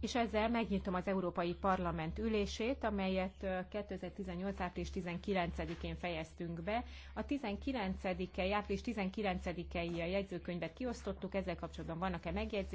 És ezzel megnyitom az Európai Parlament ülését, amelyet 2018. április 19-én fejeztünk be. A 19 -e, április 19 a jegyzőkönyvet kiosztottuk, ezzel kapcsolatban vannak-e megjegyzések?